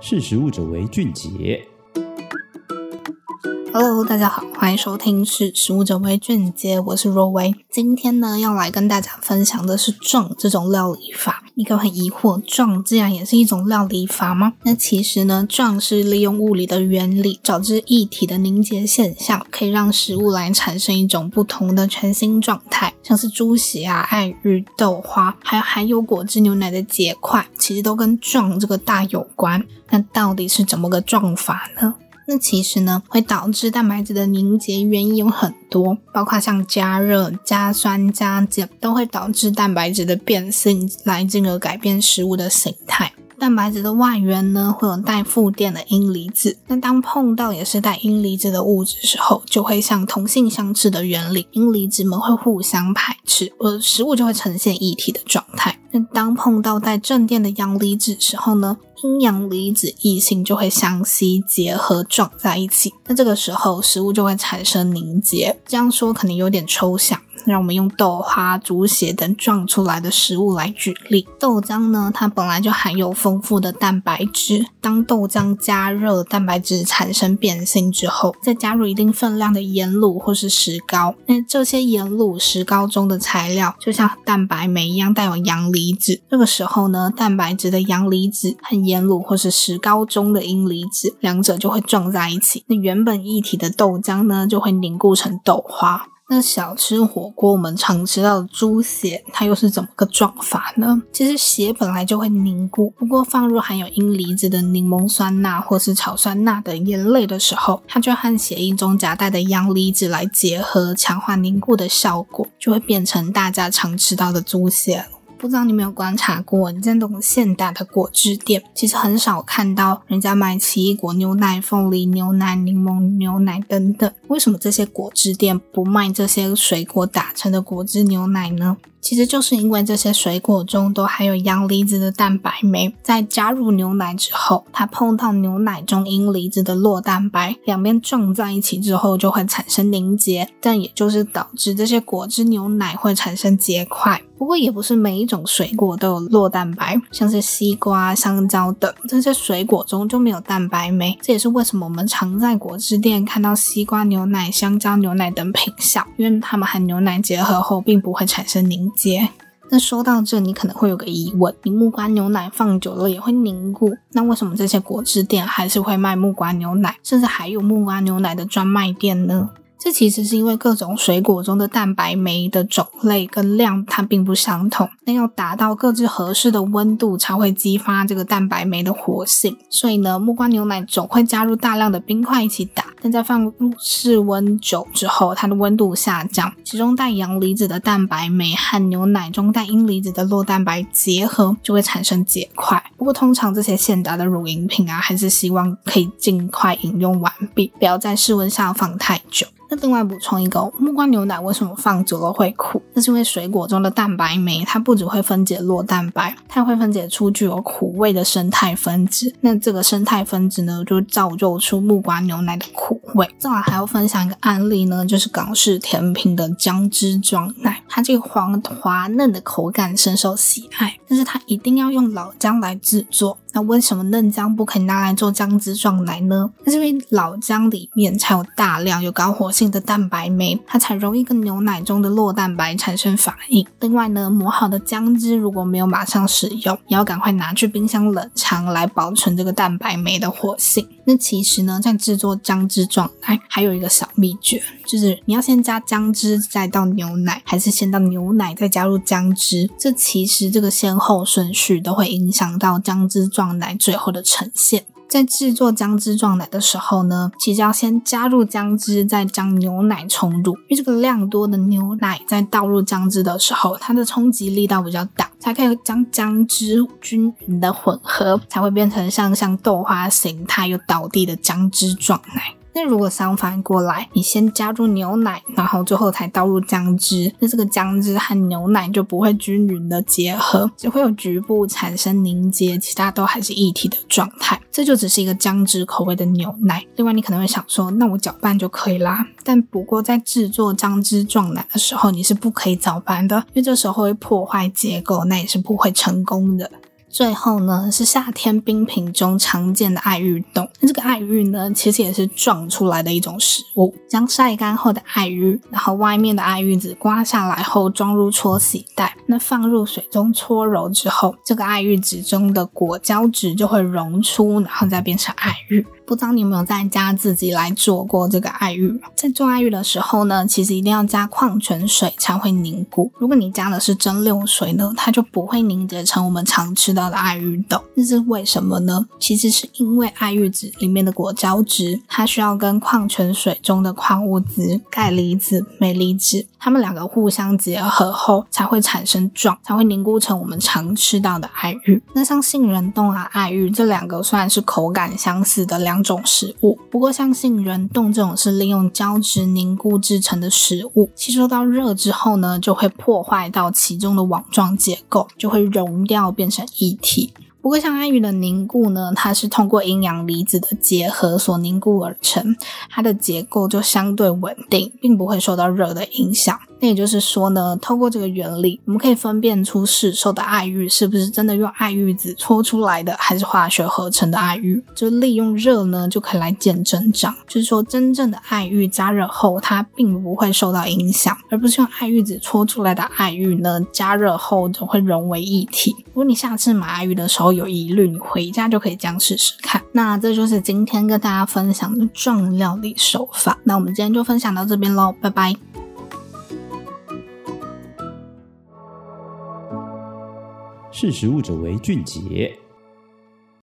識時務者為俊傑。Hello，大家好，歡迎收聽識食物者為俊傑，我是若威。今天呢，要來跟大家分享的是撞這種料理法。你可很疑惑，撞竟然也是一種料理法嗎？那其實呢，撞是利用物理的原理導致液體的凝結現象，可以讓食物來產生一種不同的全新狀態，像是豬血啊、愛玉豆花，還有含有果汁牛奶的結塊，其實都跟撞這個大有關。那到底是怎麼個撞法呢？那其實呢，會導致蛋白質的凝結原因有很多，包括像加熱、加酸、加鹼都會導致蛋白質的變性，來進而改變食物的形態。蛋白質的外緣呢，會有帶負電的陰離子，那當碰到也是帶陰離子的物質的時候，就會像同性相斥的原理，陰離子們會互相排斥，而食物就會呈現液體的狀態。那當碰到帶正電的陽離子時候呢，陰陽離子異性，就會相吸結合，撞在一起，那這個時候食物就會產生凝結。這樣說可能有點抽象。讓我們用豆花、豬血等撞出來的食物來舉例。豆漿呢，它本來就含有豐富的蛋白質。當豆漿加熱，蛋白質產生變性之後，再加入一定分量的鹽滷或是石膏。那這些鹽滷、石膏中的材料，就像蛋白酶一樣，帶有陽離子。這個時候呢，蛋白質的陽離子和鹽滷或是石膏中的陰離子，兩者就會撞在一起。那原本液體的豆漿呢，就會凝固成豆花。那小吃火鍋我們常吃到的豬血，它又是怎麼個撞法呢？其實血本來就會凝固，不過放入含有陰離子的檸檬酸鈉或是草酸鈉的鹽類的時候，它就和血液中夾帶的陽離子來結合，強化凝固的效果，就會變成大家常吃到的豬血了。不知道你沒有觀察過，在這種現打的果汁店，其實很少看到人家賣奇異果牛奶、鳳梨牛奶、檸檬牛奶等等。為什麼這些果汁店不賣這些水果打成的果汁牛奶呢？其實就是因為這些水果中都含有陽離子的蛋白酶，在加入牛奶之後，它碰到牛奶中陰離子的酪蛋白，兩邊撞在一起之後就會產生凝結，但也就是導致這些果汁牛奶會產生結塊。不過也不是每一種水果都有酪蛋白，像是西瓜、香蕉等這些水果中就沒有蛋白酶，這也是為什麼我們常在果汁店看到西瓜牛奶、香蕉牛奶等品項，因為它們和牛奶結合後並不會產生凝結。那說到這，你可能會有個疑問，你木瓜牛奶放久了也會凝固，那為什麼這些果汁店還是會賣木瓜牛奶，甚至還有木瓜牛奶的專賣店呢？這其實是因為各種水果中的蛋白酶的種類跟量它並不相同，那要達到各自合適的溫度才會激發這個蛋白酶的活性，所以呢，木瓜牛奶總會加入大量的冰塊一起打。但在放入室溫久之後，它的溫度下降，其中帶陽離子的蛋白酶，和牛奶中帶陰離子的酪蛋白結合，就會產生結塊。不過通常這些現打的乳飲品啊，還是希望可以儘快飲用完畢，不要在室溫下放太久。那另外補充一個哦，木瓜牛奶為什麼放久了會苦？那是因為水果中的蛋白酶，它不只會分解酪蛋白，它會分解出具有苦味的生態分子。那這個生態分子呢，就造就出木瓜牛奶的苦。正好還要分享一個案例呢，就是港式甜品的薑汁撞奶，它這個黃滑嫩的口感深受喜愛，但是它一定要用老薑來製作。那為什麼嫩薑不可以拿來做薑汁撞奶呢？那是因為老薑裡面才有大量有高活性的蛋白酶，它才容易跟牛奶中的酪蛋白產生反應。另外呢，磨好的薑汁如果沒有馬上使用，也要趕快拿去冰箱冷藏來保存這個蛋白酶的活性。那其實呢，在製作薑汁撞奶，還有一個小秘訣，就是你要先加薑汁，再倒牛奶，還是先倒牛奶再加入薑汁？這其實這個先後順序都會影響到薑汁撞。奶最後的呈現，在制作薑汁撞奶的時候呢，其實要先加入薑汁，再將牛奶衝入。因為這個量多的牛奶在倒入薑汁的時候，它的衝擊力道比較大，才可以將薑汁均勻的混合，才會變成像像豆花形態又倒地的薑汁撞奶。那如果相反過來，你先加入牛奶，然後最後才倒入薑汁，那這個薑汁和牛奶就不會均勻的結合，只會有局部產生凝結，其他都還是液體的狀態，這就只是一個薑汁口味的牛奶。另外，你可能會想說，那我攪拌就可以啦，但不過在制作薑汁撞奶的時候，你是不可以攪拌的，因為這時候會破壞結構，那也是不會成功的。最後呢，是夏天冰品中常見的愛玉凍。那這個愛玉呢，其實也是撞出來的一種食物。將曬乾後的愛玉，然後外面的愛玉籽刮下來後，裝入搓洗袋，那放入水中搓揉之後，這個愛玉籽中的果膠質就會溶出，然後再變成愛玉。不知道你有沒有在家自己來做過這個愛玉？在做愛玉的時候呢，其實一定要加礦泉水才會凝固。如果你加的是蒸餾水呢，它就不會凝結成我們常吃的，到的愛玉凍，這是為什麼呢？其實是因為愛玉籽裡面的果膠質，它需要跟礦泉水中的礦物質鈣離子、鎂離子，它們兩個互相結合後，才會產生狀，才會凝固成我們常吃到的愛玉。那像杏仁凍啊、愛玉這兩個雖然是口感相似的兩種食物，不過像杏仁凍這種是利用膠質凝固制成的食物，吸收到熱之後呢，就會破壞到其中的網狀結構，就會溶掉變成一。不過，像愛玉的凝固呢，它是通過陰陽離子的結合所凝固而成，它的結構就相對穩定，並不會受到熱的影響。那也就是說呢，透過這個原理，我們可以分辨出市售的愛玉是不是真的用愛玉子搓出來的，還是化學合成的愛玉。就利用熱呢，就可以來見真章。就是說，真正的愛玉加熱後，它並不會受到影響，而不是用愛玉子搓出來的愛玉呢，加熱後就會融為一體。如果你下次買愛玉的時候有疑慮，你回家就可以這樣試試看。那這就是今天跟大家分享的撞料理手法。那我們今天就分享到這邊嘍，拜拜。識食物者為俊傑。